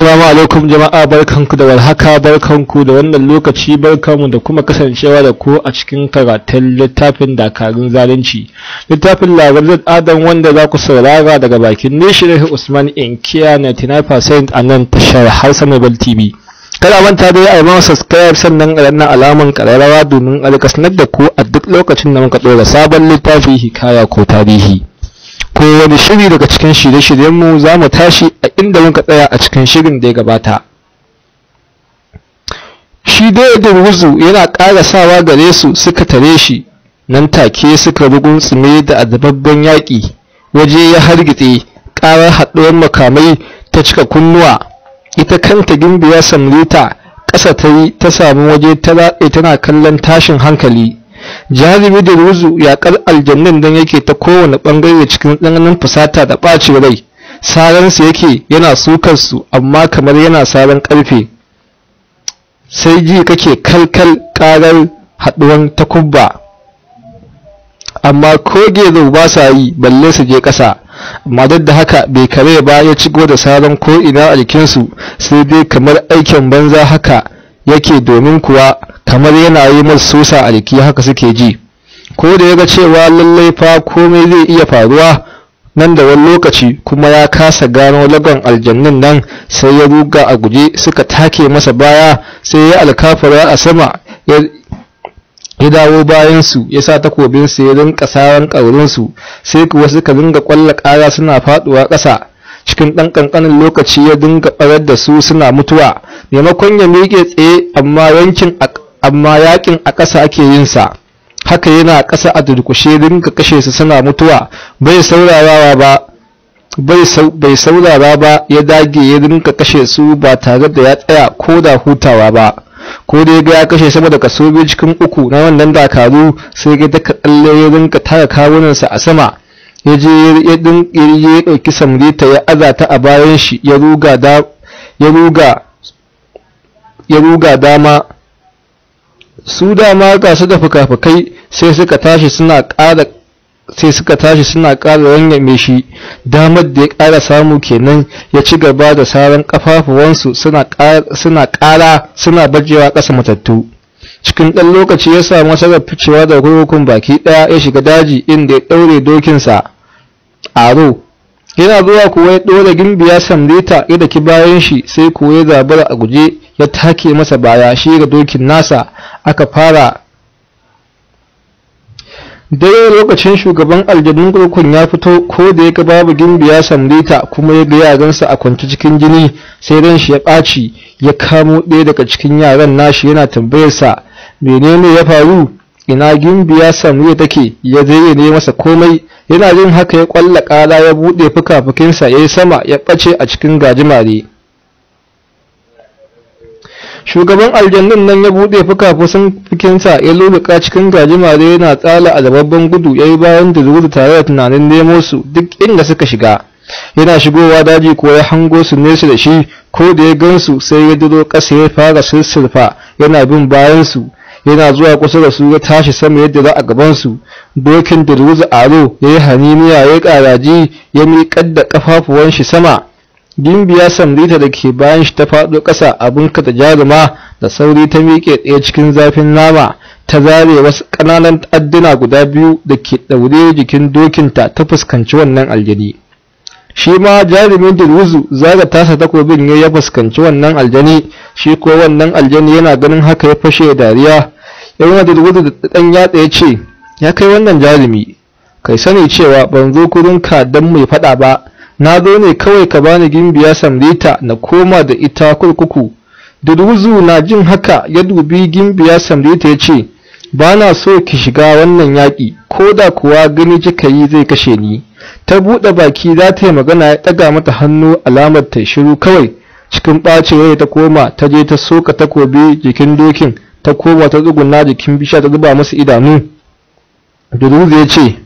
Assalamu alaikum jama'a barkanku da warhaka barkanku da wannan lokaci barkanmu da kuma kasancewa da ku a cikin karatun littafin dakarun zalunci littafin labarin adam wanda za ku saurara daga bakin nishirin usman inkiya 99% a nan tashar hausa mobile tv kada manta da ya ma subscribe sannan a nan alaman kararrawa domin alkasnar da ku a duk lokacin da muka ɗora sabon littafi hikaya ko tarihi ko wani shiri daga cikin shirye-shiryenmu za mu tashi a inda muka tsaya a cikin shirin da ya gabata shi dai da wuzu yana ƙara sawa gare su suka tare shi nan take suka bugun tsime da azababben yaƙi waje ya hargitse ƙarar haɗuwar makamai ta cika kunnuwa ita kanta gimbiya samrita ƙasa ta yi ta samu waje ta tana kallon tashin hankali jarumi da ruzu yakar aljannin don yake ta kowane bangare cikin tsananin fusata da ɓacin rai saransu yake yana sukarsu amma kamar yana saran ƙarfe sai ji kake kalkal ƙarar haɗuwan takubba amma koge zau ba sa yi balle su je ƙasa amma duk da haka bai kare ba ya cigo da saran ina a jikinsu sai dai kamar aikin banza haka yake domin kuwa kamar yana yi masu sosa a jiki haka suke ji ko da ya ga cewa lallai fa komai zai iya faruwa nan da wani lokaci kuma ya kasa gano lagon aljannun nan sai ya ruga a guje suka take masa baya sai ya alkafara a sama ya dawo bayansu ya sa takobin takobinsu ya rinka kaurin ƙaurinsu sai kuwa suka ringa ƙwalla kaya suna faɗuwa ƙasa cikin ɗan ƙanƙanin lokaci ya dinga ɓarar da su suna mutuwa maimakon ya miƙe tsaye amma yankin amma yakin a ƙasa ake yin sa haka yana ƙasa a durƙushe dinga kashe su suna mutuwa bai saurarawa ba bai saurara ba ya dage ya dinga kashe su ba tare da ya tsaya ko da hutawa ba ko da ya ga ya kashe sama da kaso biyu cikin uku na wannan dakaru sai ga ta kalle ya dinga tara kawunansa a sama ya je ya ɗauki samrita ya azata a bayan shi ya ruga dama su dama ga su da fuka sai suka tashi suna ƙara sai suka tashi suna ƙara shi damar da ya ƙara samu kenan ya ci gaba da saran ƙafafuwansu suna ƙara suna bajewa ƙasa matattu cikin ɗan lokaci ya samu nasarar ficewa da kurkukun baki ɗaya ya shiga daji inda ya ɗaure dokinsa A ro yana zuwa kuwa ya ɗora gimbiya sandita ya daki bayan shi sai kuwa ya zabara a guje ya take masa baya shi ga dokin nasa aka fara dare lokacin shugaban aljanun gurkun ya fito ko da ya babu gimbiya sandeta kuma ya ga yaransa a kwance cikin jini sai ran shi ya ɓaci ya kamo ɗaya daga cikin yaran nashi yana tambayarsa menene ya faru ina gimbiya samriya take ya je ne masa komai yana jin haka ya kwalla kala ya buɗe fuka-fukinsa ya yi sama ya bace a cikin gajimare shugaban aljannun nan ya buɗe fuka-fukinsa ya luluka cikin gajimare yana tsala a zababben gudu ya yi bayan da zuwa tare da tunanin nemo su duk inda suka shiga yana shigowa daji ko ya hango su nesa da shi ko da ya gansu sai ya duro ƙasa ya fara sirsurfa yana bin bayan su. yana zuwa kusa da su ya tashi sama yadda za a gabansu dokin dirwuz aro ya yi haniniya ya karaji ya miƙar da ƙafafuwan shi sama gimbiya samrita da ke bayan shi ta faɗo ƙasa abin ka da jaruma da sauri ta miƙe ɗaya cikin zafin nama ta zare wasu ƙananan adduna guda biyu da ke ɗaure jikin dokinta ta fuskanci wannan aljani shi ma jarumin za zaga tasa takobin ya fuskanci wannan aljani shi ko wannan aljani yana ganin haka ya fashe dariya Yau na da da ɗan yatsa ya ce ya kai wannan jarumi kai sani cewa ban zo kurin ka don mai faɗa ba na zo ne kawai ka bani gimbiya samrita na koma da ita kurkuku durwuzu na jin haka ya dubi gimbiya samrita ya ce ba na so ki shiga wannan yaƙi ko da kuwa gani kika yi zai kashe ni ta buɗe baki za ta yi magana ya ɗaga mata hannu alamar ta shiru kawai cikin ɓacin ta koma ta je ta soka takobi jikin dokin ta koma ta tsuguna jikin bishiya ta zuba musu idanu duruzi ya ce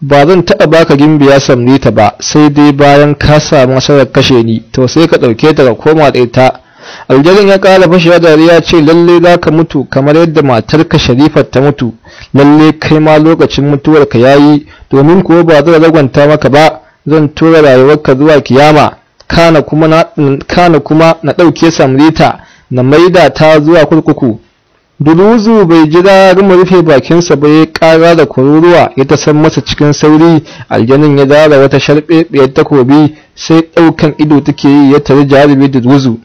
ba zan taɓa baka gimbiya samne ta ba sai dai bayan ka samu nasarar kashe ni to sai ka ɗauke ta ka koma ɗaya ta aljarin ya ƙara fashewa ya ce lalle za ka mutu kamar yadda matarka Sharifa ta mutu lalle kai ma lokacin mutuwarka ya yi domin kuwa ba zan ragwanta maka ba zan tura rayuwarka zuwa kiyama kana kuma na ɗauke samrita na maida ta zuwa kurkuku Duluzu bai jira ruma rufe bakinsa ba ya ƙara da kururuwa ya ta san masa cikin sauri aljanin ya dara wata sharɓeɓiyar takobi sai ɗaukan ido take yi ya tare jarumi Duluzu.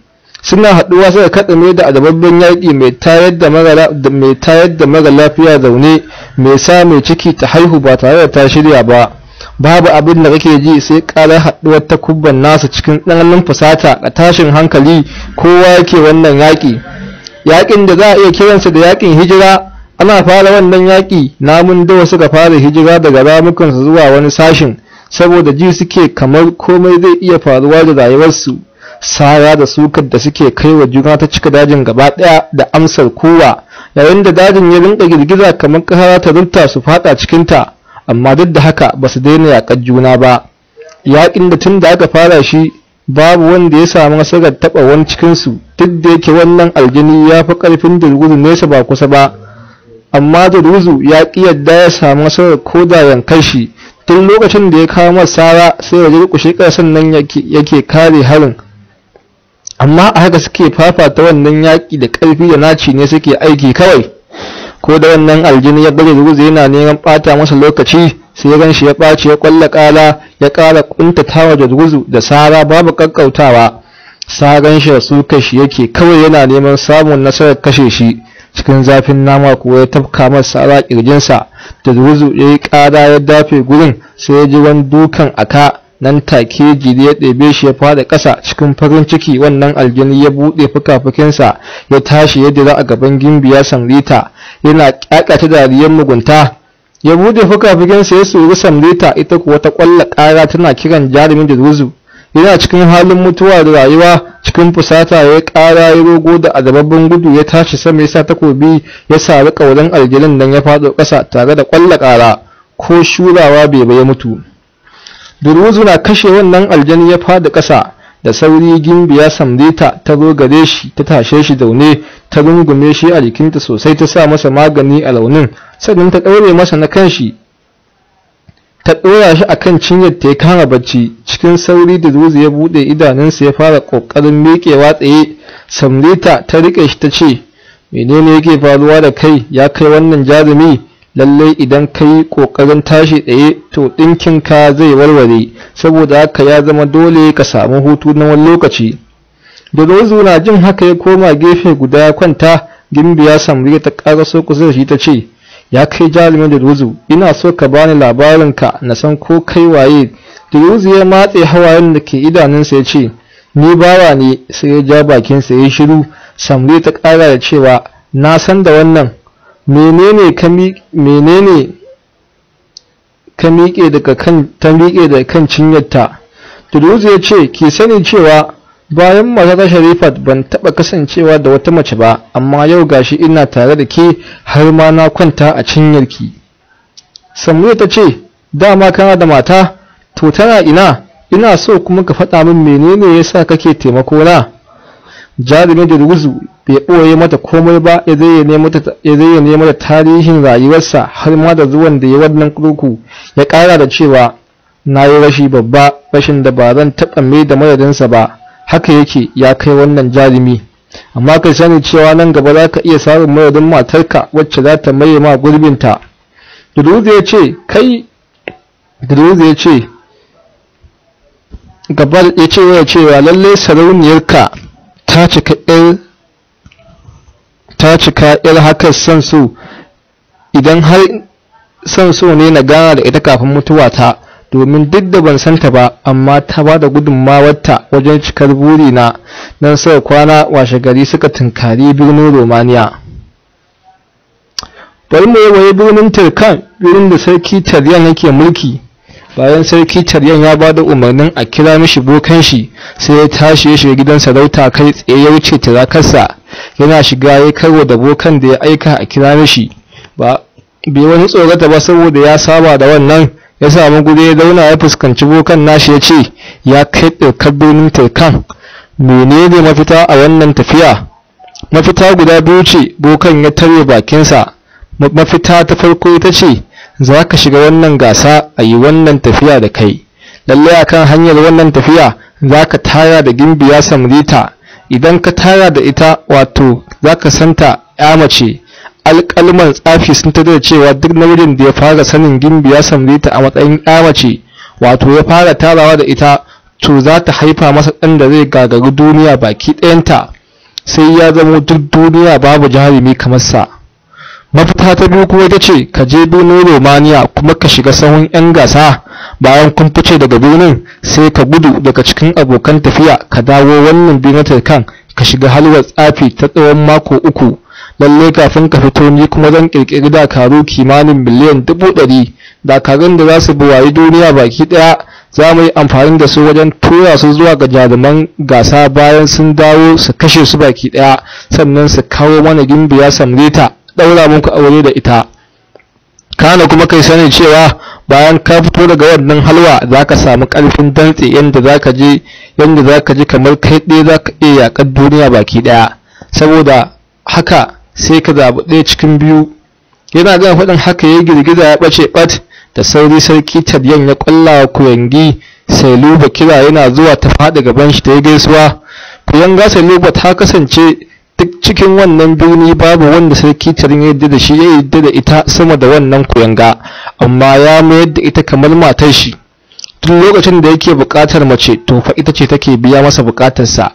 Suna haɗuwa suka katsame da adababben yaƙi mai tayar da mara lafiya zaune mai sa mai ciki ta haihu ba tare da ta shirya ba. Babu abin da kake ji sai ƙarar haɗuwar takubban nasa cikin ɗananin fusata a tashin hankali kowa yake wannan yaƙi. yaƙin da za a iya kiransa da yaƙin hijira ana fara wannan yaƙi namun dawa suka fara hijira daga ramukansu zuwa wani sashin saboda ji suke kamar komai zai iya faruwa da rayuwarsu sara da sukar da suke kai wa juna ta cika dajin gaba ɗaya da amsar kowa yayin da dajin ya rinka girgiza kamar kahara ta runta su fada cikinta amma duk da haka ba su daina yaƙar juna ba yaƙin da tun da aka fara shi babu wanda ya samu nasarar taɓa wani cikinsu duk da yake wannan aljini ya fi ƙarfin durguzu nesa ba kusa ba amma durguzu ya ƙi yadda ya samu nasarar koda yankan shi tun lokacin da ya kawo sara, sai ya rikushe ƙarshen nan yake kare harin amma a haka suke fafata wannan yaki da ƙarfi da naci ne suke aiki kawai ko da wannan aljini ya bari durguzu yana neman ɓata masa lokaci sai gan shi ya ɓaci ya ƙwalla ƙala ya ƙara ƙuntatawa da da sara babu ƙaƙƙautawa saran shi da kashi shi yake kawai yana neman samun nasarar kashe shi cikin zafin nama kuwa ya tafka masa sara ƙirjinsa da ruzu ya yi ƙara ya dafe gurin sai ya ji wani dukan aka nan take jiri ya ɗebe shi ya fada ƙasa cikin farin ciki wannan aljini ya buɗe fuka-fukinsa ya tashi ya dira a gaban gimbiya sanrita yana ƙyaƙata dariyar mugunta ya bude fukafukinsa ya tsoro samleta ita kuwa ta kwalla kara tana kiran jarumin da zuzu yana cikin halin mutuwa da rayuwa cikin fusata ya ƙara ya rogo da azababin gudu ya tashi sama ya sa takobi ya sari ƙauren aljilin don ya faɗo ƙasa tare da kwalla kara ko shurawa bai bai mutu duruzu na kashe wannan aljani ya fada ƙasa da sauri gimbiya samdita ta zo gare shi ta tashe shi zaune ta rungume shi a jikinta sosai ta sa masa magani a launin sannan ta ɗaure masa na kanshi ta ɗora shi a kan cinyar ta ya kama bacci cikin sauri da zuzu ya buɗe idanunsa ya fara ƙoƙarin miƙewa tsaye samrita ta riƙe shi ta ce menene yake faruwa da kai ya kai wannan jarumi lallai idan ka yi ƙoƙarin tashi tsaye to ɗinkinka zai warware saboda haka ya zama dole ka samu hutu na wani lokaci da rozu na jin haka ya koma gefe guda kwanta gimbiya samriya ta ƙara so kusa da shi ta ce ya kai jarumin da ruzu ina so ka bani labarinka na san ko kai waye da ruzu ya matse hawayen da ke idanunsa ya ce ni bawa ne sai ya ja bakinsa ya shiru samri ta ƙara da cewa na san da wannan menene ka miƙe daga kan ta miƙe da kan cinyarta ya ce ke sani cewa bayan matata sharifat ban taɓa kasancewa da wata mace ba amma yau gashi ina tare da ke har ma na kwanta a cin yarki. samuwa ta ce dama kana da mata to tana ina ina so kuma ka faɗa min menene ya sa kake taimako na jarumin da ruguzu bai ɓoye mata komai ba ya ne mata tarihin rayuwarsa har ma da zuwan da ya wannan kurku ya ƙara da cewa na yi rashi babba rashin da ba zan taɓa mai da madadinsa ba haka yake ya kai wannan jarumi amma ka sani cewa nan gaba za ka iya samun mayadin matarka wacce za ta maye ma gurbinta ta. ya ce ya ce gabar ya ce wa cewa lallai sarauniyarka ta cika ta cika yar haka son su idan har son so ne na gana da ita kafin mutuwa ta domin duk da ban san ta ba amma ta ba da gudunmawarta wajen cikar burina don sau kwana washe gari suka tunkari birnin romania bari mu yawaye birnin turkan birnin da sarki taryan yake mulki bayan sarki taryan ya ba da umarnin a kira mishi bokan shi sai ya tashi ya shiga gidan sarauta kai tsaye ya wuce turakarsa yana shiga ya karwa da bokan da ya aika a kira mishi ba bai wani tsorata ba saboda ya saba da wannan ya samu guri ya zauna ya fuskanci bokan nashi ya ce ya kai ɗaukar birnin taikan ne mafita a wannan tafiya mafita guda biyu ce bokan ya tare bakinsa mafita ta farko ita ce za ka shiga wannan gasa a yi wannan tafiya da kai lallai a kan hanyar wannan tafiya za ka tara da gimbiya samrita idan ka tara da ita wato za ka santa ya mace kalmar tsafi sun ta da cewa duk namijin da ya fara sanin gimbi ya sanri ta a matsayin mace wato ya fara tarawa da ita to za ta haifa masa ɗan da zai gagari duniya baki ɗayanta sai ya zamo duk duniya babu jarumi kamar sa mafita ta biyu kuma ita ce ka je birnin romania kuma ka shiga sahun 'yan gasa bayan kun fice daga birnin sai ka gudu daga cikin abokan tafiya ka dawo wannan birnin kan ka shiga halwar tsafi ta tsawon mako uku lalle kafin ka fito ni kuma zan kirkiri dakaru kimanin miliyan dubu ɗari dakarun da za su buwayi duniya baki ɗaya za mu yi amfani da su wajen tura su zuwa ga jaruman gasa bayan sun dawo su kashe su baki ɗaya sannan su kawo mana gimbiya samrita ɗaura muku aure da ita kana kuma kai sani cewa bayan ka fito daga wannan halwa za ka samu ƙarfin dantse yadda za ka je yadda za ka ji kamar kai ɗaya za ka iya yaƙar duniya baki ɗaya saboda haka sai ka zaɓi ɗaya cikin biyu yana gama faɗin haka ya girgiza ya ɓace ɓat da sauri sarki tabiyan ya ƙwalla wa kuyangi sai luba kira yana zuwa ta faɗi gaban shi da ya gaisuwa kuyanga sai luba ta kasance duk cikin wannan birni babu wanda sarki tarin ya yadda da shi ya yadda da ita sama da wannan kuyanga amma ya mayar da ita kamar matar shi tun lokacin da yake buƙatar mace to fa ita ce take biya masa buƙatarsa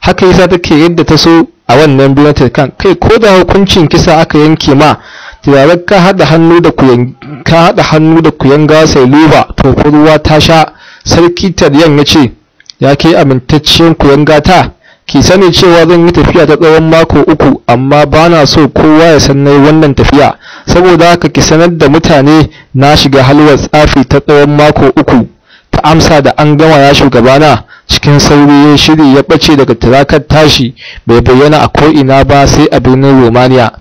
haka yasa take yadda ta so a wannan biyan kan kai ko da hukuncin kisa aka yanke ma tilarar ka hada hannu da ku ka hada hannu da sai luba to ruwa ta sha sarki taryan ya ce ya ke amintaccen kuyan ta. ki sani cewa zan yi tafiya ta tsawon mako uku amma ba na so kowa ya san na wannan tafiya saboda haka ki sanar da mutane na shiga halwar tsafi ta tsawon mako uku ta amsa da an gama ya shugabana cikin sauri ya shiri ya ɓace daga turakar tashi bai bayyana a ko'ina ba sai a birnin romania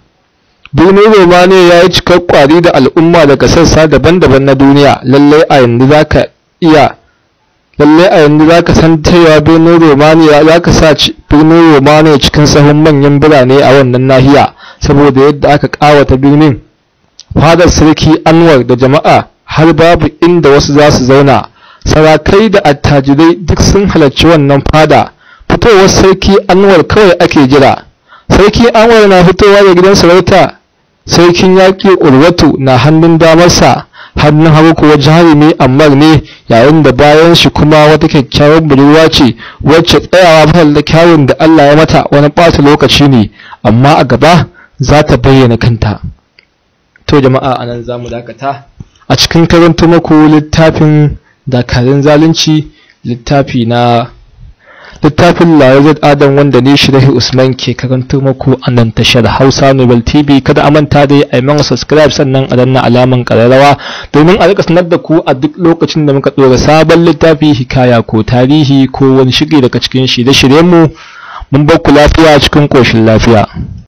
birnin romania ya yi cikar kwari da al'umma daga sassa daban-daban na duniya lallai a yanzu za ka san cewa birnin romania ya ka sa birnin romania cikin sahun manyan birane a wannan nahiya saboda yadda aka ƙawata birnin fadar sarki anwar da jama'a har babu inda wasu za su zauna sarakai da attajirai duk sun halarci wannan fada fitowar sarki anwar kawai ake jira sarki anwar na fitowa da gidan sarauta sarkin yaƙi urwatu na hannun damarsa hannun hagu kuwa jarumi ammar ne yayin da bayan shi kuma wata kyakkyawar budurwa ce wacce tsayawa ba da kyawun da Allah ya mata wani ɓata lokaci ne amma a gaba za ta bayyana kanta to jama'a anan mu dakata a cikin karanta muku littafin dakarun zalunci littafi na littafin Larazat Adam wanda ne Shirahi Usman ke karantar muku a nan tashar Hausa Nobel TV kada a manta dai a yi mana subscribe sannan a danna alaman kararrawa domin a rika sanar da ku a duk lokacin da muka ɗora sabon littafi hikaya ko tarihi ko wani shige daga cikin shirye-shiryenmu mun bar ku lafiya cikin koshin lafiya